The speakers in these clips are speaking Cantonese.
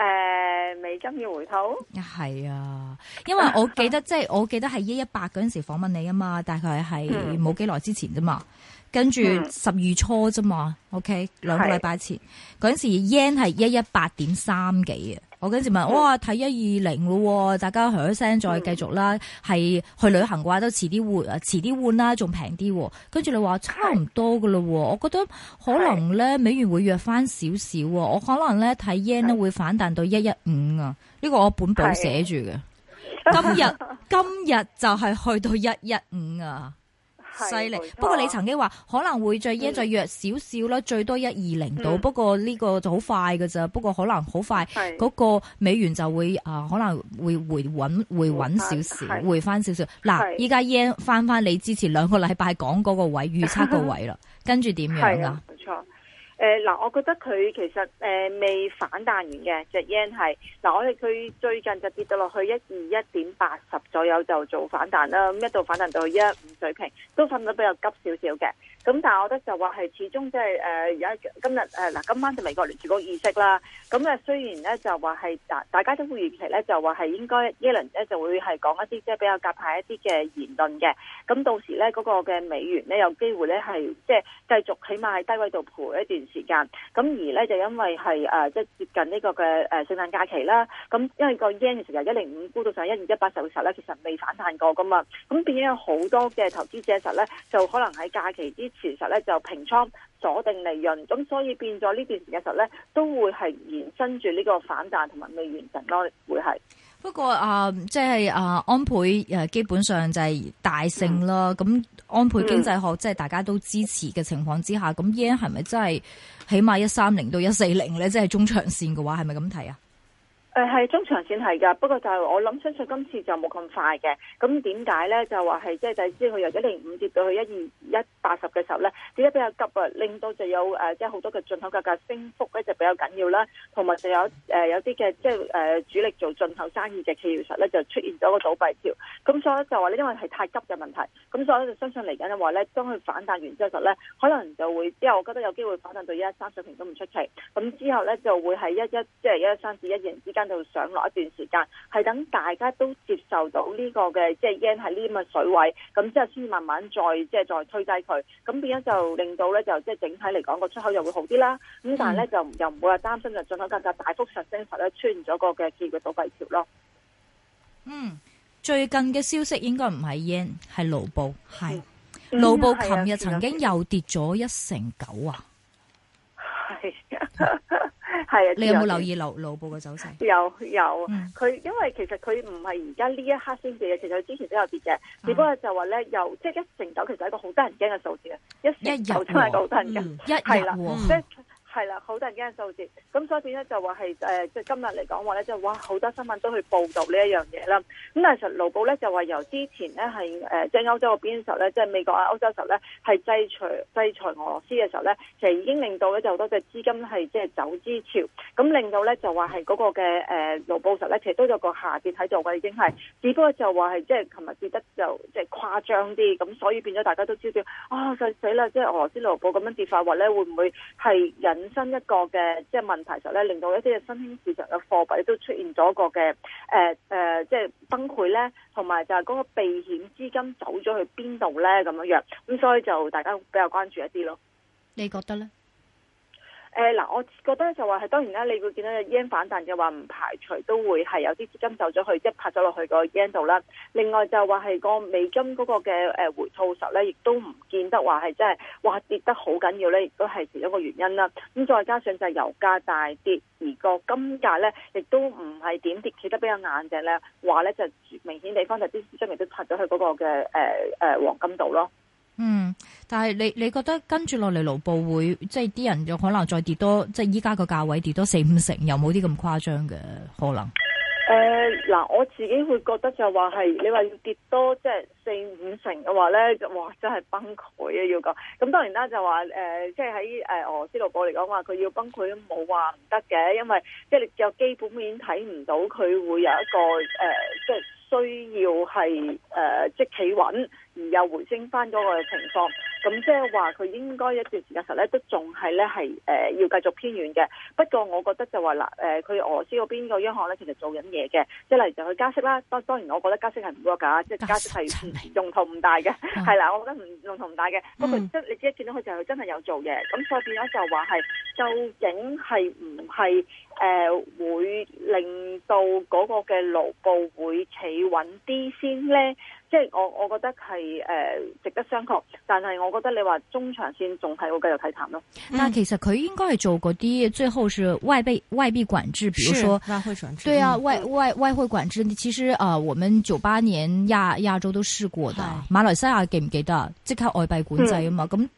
誒、uh, 未跟住回頭，係啊，因為我記得即係 我記得係一一八嗰陣時訪問你啊嘛，大概係冇幾耐之前啫嘛，跟住十二月初啫嘛。O、okay, K，兩個禮拜前嗰陣時，yen 係一一八點三幾啊！我嗰陣時問，哇，睇一二零咯，大家響一聲再繼續啦。係、嗯、去旅行嘅話，都遲啲換啊，遲啲換啦，仲平啲。跟住你話差唔多㗎咯，我覺得可能咧美元會弱返少少。我可能咧睇 yen 咧會反彈到一一五啊！呢、這個我本簿寫住嘅，今日 今日就係去到一一五啊！犀利，不過你曾經話可能會再 yen 再弱少少啦，最多一二零度。不過呢個就好快噶咋，不過可能好快嗰、嗰個美元就會啊、呃，可能會回穩回穩少少，回翻少少。嗱，依家 yen 翻翻你之前兩個禮拜講嗰個位預測個位啦，跟住點樣㗎？誒，嗱，我覺得佢其實誒、呃、未反彈完嘅，隻 yen 係，嗱、呃，我哋佢最近就跌到落去一二一點八十左右就做反彈啦，咁一度反彈到一五水平，都瞓得比較急少少嘅。咁但係我覺得就話係始終即係誒而家今日誒嗱今晚就美國聯儲局議息啦，咁咧雖然咧就話係大大家都預期咧就話係應該耶倫咧就會係講一啲即係比較鴿派一啲嘅言論嘅，咁到時咧嗰個嘅美元咧有機會咧係即係繼續起碼喺低位度徘徊一段時間，咁而咧就因為係即係接近呢個嘅誒聖誕假期啦，咁因為個 yen 成日，一零五估到上一二一八、十二十咧，其實未反彈過噶嘛，咁變咗有好多嘅投資者實咧就可能喺假期之，其實咧就平倉鎖定利潤，咁所以變咗呢段時間實咧都會係延伸住呢個反彈同埋未完成咯，會係。不過啊、呃，即係啊、呃、安倍誒，基本上就係大勝啦。咁、嗯、安倍經濟學、嗯、即係大家都支持嘅情況之下，咁日圓係咪真係起碼一三零到一四零咧？即係中長線嘅話，係咪咁睇啊？誒，係中長線係噶，不過就係我諗，相信今次就冇咁快嘅。咁點解咧？就話係即係，得知佢由一零五跌到去一二一八十嘅時候咧，跌得比較急啊，令到就有誒，即係好多嘅進口價格升幅咧就比較緊要啦。同埋就有誒，有啲嘅即係誒主力做進口生意嘅企業實咧就出現咗個倒閉潮。咁所以就話呢因為係太急嘅問題，咁所以就相信嚟緊嘅話咧，當佢反彈完之後咧，可能就會，即係我覺得有機會反彈到一三水平都唔出奇。咁之後咧就會係一一即係一三至一零之間。度上落一段時間，係等大家都接受到呢個嘅即係 yen 喺呢啲咁嘅水位，咁之後先慢慢再即係再推低佢，咁變咗就令到咧就即係整體嚟講個出口又會好啲啦。咁但係咧就又唔會話擔心就進口價格大幅上升，或者出現咗個嘅急劇倒閉潮咯。嗯，最近嘅消息應該唔係 yen，係盧布，係盧布，琴日曾經又跌咗一成九啊。係 係啊，你有冇留意盧盧布嘅走勢？有有，佢、嗯、因為其實佢唔係而家呢一刻先跌嘅，其實佢之前都有跌嘅，只不過就話咧，由即係一成走，其實係一個好得人驚嘅數字啊，一成走真係個好得人驚，一係啦，即係。嗯係啦，好突然間嘅數字，咁所以變就話、呃就話、話係誒，即係今日嚟講話咧，即係哇好多新聞都去報導呢一樣嘢啦。咁其實盧布咧就話由之前咧係誒，即係、呃、歐洲嗰邊嘅時候咧，即、就、係、係、美國啊歐洲嘅時候咧，係制裁制裁俄羅斯嘅時候咧，其實已經令到咧就好多嘅資金係即係走資潮，咁令到咧就話係嗰個嘅誒盧布實咧，其實都有個下跌喺度嘅，已經係，只不過就話係即係琴日跌得就即係誇張啲，咁所以變咗大家都知道，啊、哦，就死啦！即係俄羅斯盧布咁樣跌法咧，會唔會係引？本身一個嘅即係問題，就咧，令到一啲嘅新興市場嘅貨幣都出現咗個嘅誒誒，即係崩潰咧，同埋就係嗰個避險資金走咗去邊度咧，咁樣樣咁。所以就大家比較關注一啲咯。你覺得咧？誒，嗱，我覺得就話係當然啦，你會見到個 yen 反彈嘅話，唔排除都會係有啲資金走咗去，即係拍咗落去個 yen 度啦。另外就話係個美金嗰個嘅誒回吐實咧，亦都唔見得話係即係哇跌得好緊要咧，亦都係其中一個原因啦。咁再加上就係油價大跌，而個金價咧亦都唔係點跌，企得比較硬淨咧，話咧就明顯地方就啲資金都拍咗去嗰個嘅誒誒黃金度咯。嗯，但係你你覺得跟住落嚟盧布會即係啲人就可能再跌多，即係依家個價位跌多四五成，有冇啲咁誇張嘅可能？誒，嗱，我自己會覺得就話係你話要跌多即係四五成嘅話咧，就話真係崩潰啊要講。咁當然啦，就話誒，即係喺誒俄羅斯盧布嚟講話，佢要崩潰都冇話唔得嘅，因為即係你就基本面睇唔到佢會有一個誒、呃，即係需要係誒、呃、即企穩，而又回升翻嗰個情況，咁即係話佢應該一段時間實咧都仲係咧係誒要繼續偏遠嘅。不過我覺得就話嗱佢俄知斯嗰邊個央行咧其實做緊嘢嘅，即係例如就佢加息啦。當然我覺得加息係唔好㗎，即、就、係、是、加息係用途唔大嘅，係、嗯、啦，我覺得用途唔大嘅。不過即係你只一見到佢就係、是、真係有做嘅。咁再變咗就話係究竟係唔係誒會令到嗰個嘅勞動會企穩啲先咧？即係我我覺得係誒、呃、值得商榷，但係我覺得你話中長線仲係會繼續睇淡咯。但、嗯、係其實佢應該係做嗰啲，最後是外幣外幣管制，比如說外匯管制。對啊，嗯、外外外匯管制，其實啊、呃，我們九八年亞亞洲都試過的。馬來西亞記唔記得啊？即刻外幣管制啊嘛，咁、嗯。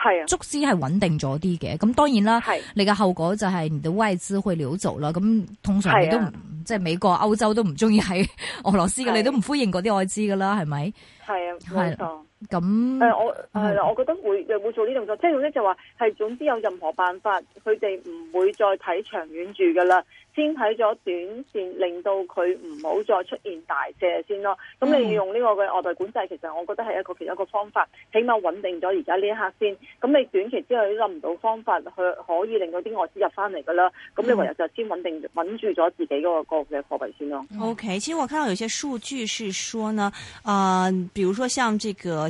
係啊，足資係穩定咗啲嘅。咁當然啦、啊，你嘅後果就係啲外資去撩走啦。咁通常你都唔、啊，即係美國、歐洲都唔中意喺俄羅斯嘅、啊，你都唔歡迎嗰啲外資噶啦，係咪？係啊，冇咁、嗯、誒、嗯，我係啦，我覺得會誒會做呢動作，即係咧就話、是、係總之有任何辦法，佢哋唔會再睇長遠住嘅啦，先睇咗短線，令到佢唔好再出現大借先咯。咁你要用呢個嘅外幣管制、嗯，其實我覺得係一個其中一個方法，起碼穩定咗而家呢一刻先。咁你短期之後都諗唔到方法去可以令到啲外資入翻嚟嘅啦。咁你唯有就先穩定、嗯、穩住咗自己嗰、那個的貨幣先咯。O、okay, K，其實我看到有些數據是說呢，啊、呃，譬如說像這個。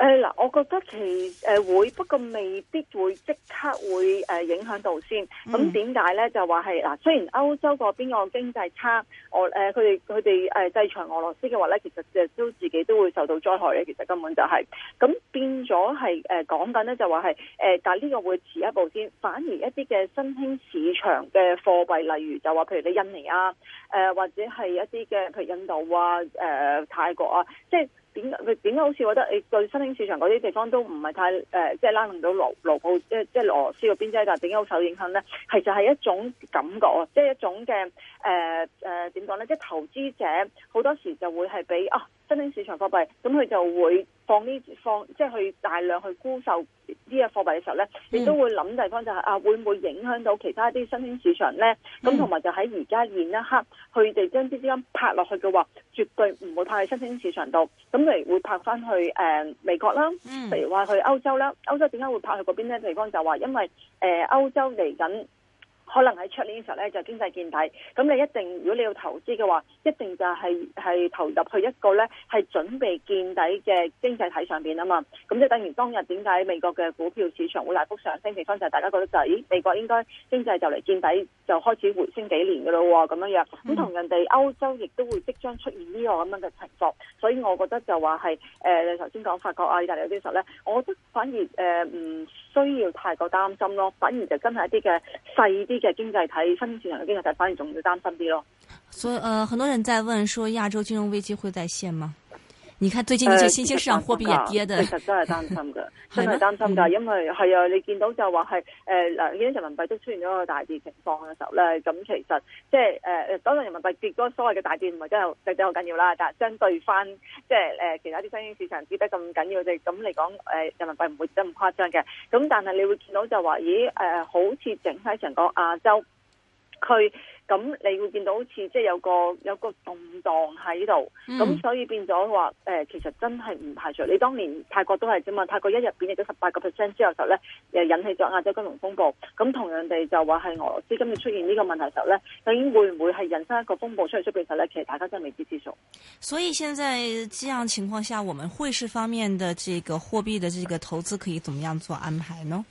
誒、嗯、嗱，我覺得其誒會，不過未必會即刻會誒影響到先。咁點解咧？就話係嗱，雖然歐洲個邊個經濟差，我誒佢哋佢哋誒制裁俄羅斯嘅話咧，其實誒都自己都會受到災害嘅。其實根本就係、是、咁變咗係誒講緊咧，就話係誒，但係呢個會遲一步先。反而一啲嘅新興市場嘅貨幣，例如就話譬如你印尼啊，誒、呃、或者係一啲嘅譬如印度啊、誒、呃、泰國啊，即係。點點解好似覺得誒對新興市場嗰啲地方都唔係太誒，即、呃、係、就是、拉動到盧盧布即係即係俄羅斯嘅邊際，但係點解好受影響咧？係就係、是、一種感覺啊，即、就、係、是、一種嘅誒誒，點講咧？即、呃、係、就是、投資者好多時就會係俾啊。新興市場貨幣，咁佢就會放，呢放，即係去大量去沽售呢啲貨幣嘅時候咧，你、嗯、都會諗，地方就係、是、啊，會唔會影響到其他啲新興市場咧？咁同埋就喺而家現一刻，佢哋將啲資金泊落去嘅話，絕對唔會泊去新興市場度，咁嚟會泊翻去誒、呃、美國啦，譬、嗯、如話去歐洲啦，歐洲點解會泊去嗰邊咧？地方就話因為誒歐、呃、洲嚟緊。可能喺出年嘅時候咧就是、經濟見底，咁你一定如果你要投資嘅話，一定就係、是、係投入去一個咧係準備見底嘅經濟體上邊啊嘛。咁即係等於當日點解美國嘅股票市場會大幅上升嘅？方就係大家覺得就係、是、咦美國應該經濟就嚟見底，就開始回升幾年噶咯喎咁樣樣。咁同人哋歐洲亦都會即將出現呢個咁樣嘅情況，所以我覺得就話係你頭先講法國啊意大利啲時候咧，我覺得反而誒唔、呃、需要太過擔心咯，反而就真係一啲嘅細啲。即係經濟睇新興市場經濟睇，反而仲要擔心啲咯。所以，呃，很多人在問，說亞洲金融危機會再現嗎？你看最近呢啲新興市場貨幣也跌嘅，其實真係擔心噶，其實真係擔心噶，因為係啊，你見到就話係誒嗱，見、呃、人民幣都出現咗個大跌情況嘅時候咧，咁、嗯、其實即係誒誒，當然人民幣跌嗰所謂嘅大跌唔係真係真真好緊要啦，但係針對翻即係誒其他啲新興市場跌得咁緊要嘅，咁嚟講誒，人民幣唔會真咁誇張嘅，咁但係你會見到就話、是、咦誒、呃，好似整體成個亞洲。佢、嗯、咁你會見到好似即係有個有個動盪喺度，咁所以變咗話誒，其實真係唔排除你當年泰國都係啫嘛，泰國一日貶值咗十八個 percent 之後時候咧，又引起咗亞洲金融風暴。咁同樣地就話係俄羅斯，今日出現呢個問題時候咧，究竟會唔會係引發一個風暴出來出邊時候咧？其實大家真係未知之數。所以現在這樣情況下，我們匯市方面的這個貨幣的這個投資可以怎麼樣做安排呢？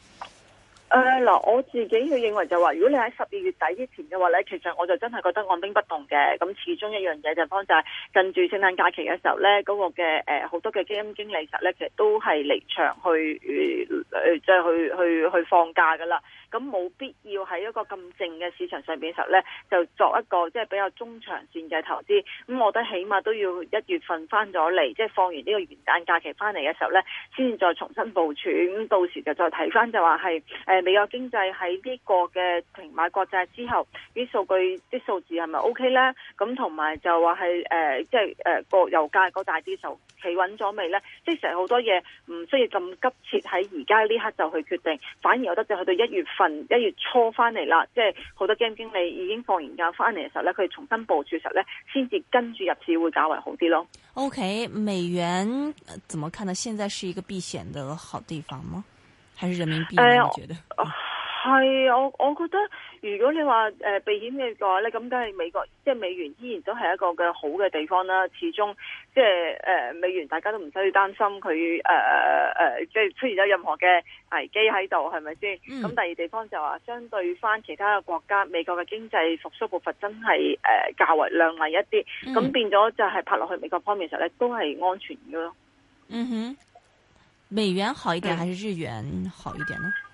誒，嗱 ，uh，我自己嘅認為就話，如果你喺十二月底之前嘅話咧，其實我就真係覺得按兵不動嘅。咁始終一樣嘢就方就係，近住聖誕假期嘅時候咧，嗰個嘅誒好多嘅基金經理實咧，其實都係離場去誒，即係去去去放假噶啦。咁冇必要喺一個咁靜嘅市場上面嘅時候呢，就作一個即係比較中長線嘅投資。咁我覺得起碼都要一月份翻咗嚟，即係放完呢個元旦假期翻嚟嘅時候呢，先再重新部署。咁到時就再睇翻，就話係美國經濟喺呢個嘅停買國債之後啲數據啲數字係咪 OK 呢？咁同埋就話係即係誒國油價嗰大啲時候企穩咗未呢？即係成日好多嘢唔需要咁急切喺而家呢刻就去決定，反而我覺得就去到一月。份一月初翻嚟啦，即係好多基金經理已經放完假翻嚟嘅時候咧，佢哋重新部署嘅時候咧，先至跟住入市會較為好啲咯。OK，美元怎麼看呢？現在是一個避險的好地方嗎？還是人民幣、呃、你覺得？呃呃係我我覺得如果你說的話誒避險嘅話咧，咁梗係美國即係、就是、美元依然都係一個嘅好嘅地方啦。始終即係誒美元大家都唔使去擔心佢誒誒即係出現咗任何嘅危機喺度，係咪先？咁、嗯、第二地方就話相對翻其他嘅國家，美國嘅經濟復甦步伐真係誒、呃、較為亮麗一啲。咁、嗯、變咗就係拍落去美國方面嘅時候咧，都係安全嘅咯。嗯哼，美元好一點還是日元好一點呢？嗯嗯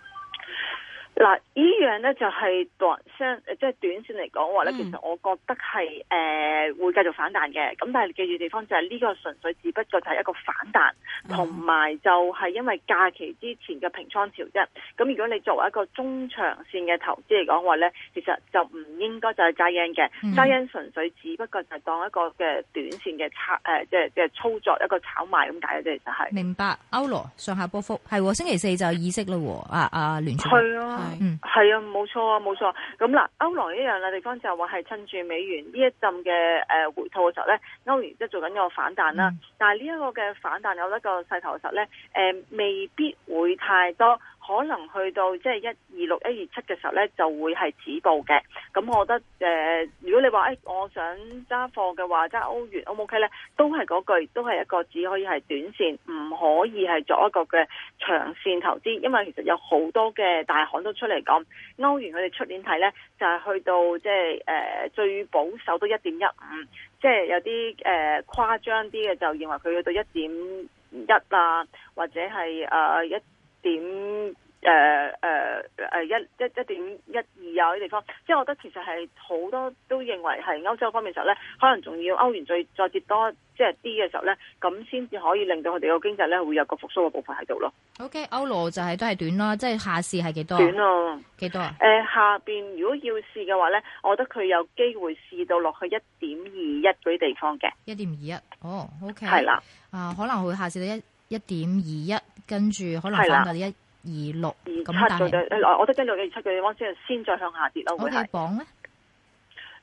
嗱，依樣咧就係短線，即係短線嚟講話咧，其實我覺得係誒會繼續反彈嘅，咁但係記住地方就係呢個純粹，只不過就係一個反彈。同埋就係因為假期之前嘅平倉潮啫。咁如果你作為一個中長線嘅投資嚟講話咧，其實就唔應該就係揸 yen 嘅，揸、嗯、yen 純粹只不過就當一個嘅短線嘅炒誒，即係即係操作一個炒賣咁解嘅啫，就係、是。明白歐羅上下波幅係星期四就意識嘞喎，啊啊聯儲係啊，係啊，冇錯啊，冇錯。咁嗱，歐羅一樣嘅地方就話係趁住美元呢一陣嘅誒回吐嘅時候咧，歐元即係做緊一個反彈啦、嗯，但係呢一個嘅反彈有一個。細頭嘅時候咧，誒、呃、未必會太多，可能去到即係一二六一二七嘅時候咧，就會係止步嘅。咁我覺得，誒、呃、如果你話誒、哎、我想揸貨嘅話，揸歐元 O 唔 OK 咧？都係嗰句，都係一個只可以係短線，唔可以係作一個嘅長線投資。因為其實有好多嘅大行都出嚟講，歐元佢哋出年睇咧，就係去到即係誒、呃、最保守都 15,、呃、一點一五，即係有啲誒誇張啲嘅就認為佢去到一點。一啊，或者係誒一點。誒誒誒一一一點一二啊啲地方，即係我覺得其實係好多都認為係歐洲方面時候咧，可能仲要歐元再再跌多，即係啲嘅時候咧，咁先至可以令到佢哋個經濟咧會有個復甦嘅步伐喺度咯。O、okay, K. 歐羅就係都係短啦，即係下試係幾多？短咯，幾多啊？誒、呃、下邊如果要試嘅話咧，我覺得佢有機會試到落去一點二一嗰啲地方嘅。一點二一。哦，O K. 係啦。啊、呃，可能會下試到一一點二一，跟住可能翻到一。二六二七咗，就我都跟住二六二七嘅地方先，先再向下跌咯。會、OK, 係，誒、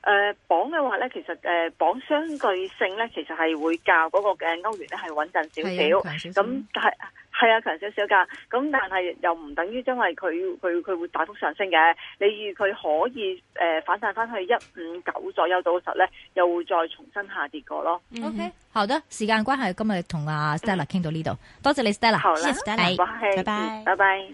呃，榜嘅話咧，其實誒，呃、榜相對性咧，其實係會較嗰個嘅歐元咧係穩陣少少。咁係。但係啊，強少少噶，咁但係又唔等於將係佢佢佢會大幅上升嘅。你如佢可以誒反彈翻去一五九左右嘅時候呢，又會再重新下跌過咯。Okay. OK，好的，時間關係今日同阿 Stella 傾到呢度，嗯，多謝你 Stella，好啦，拜拜，拜拜。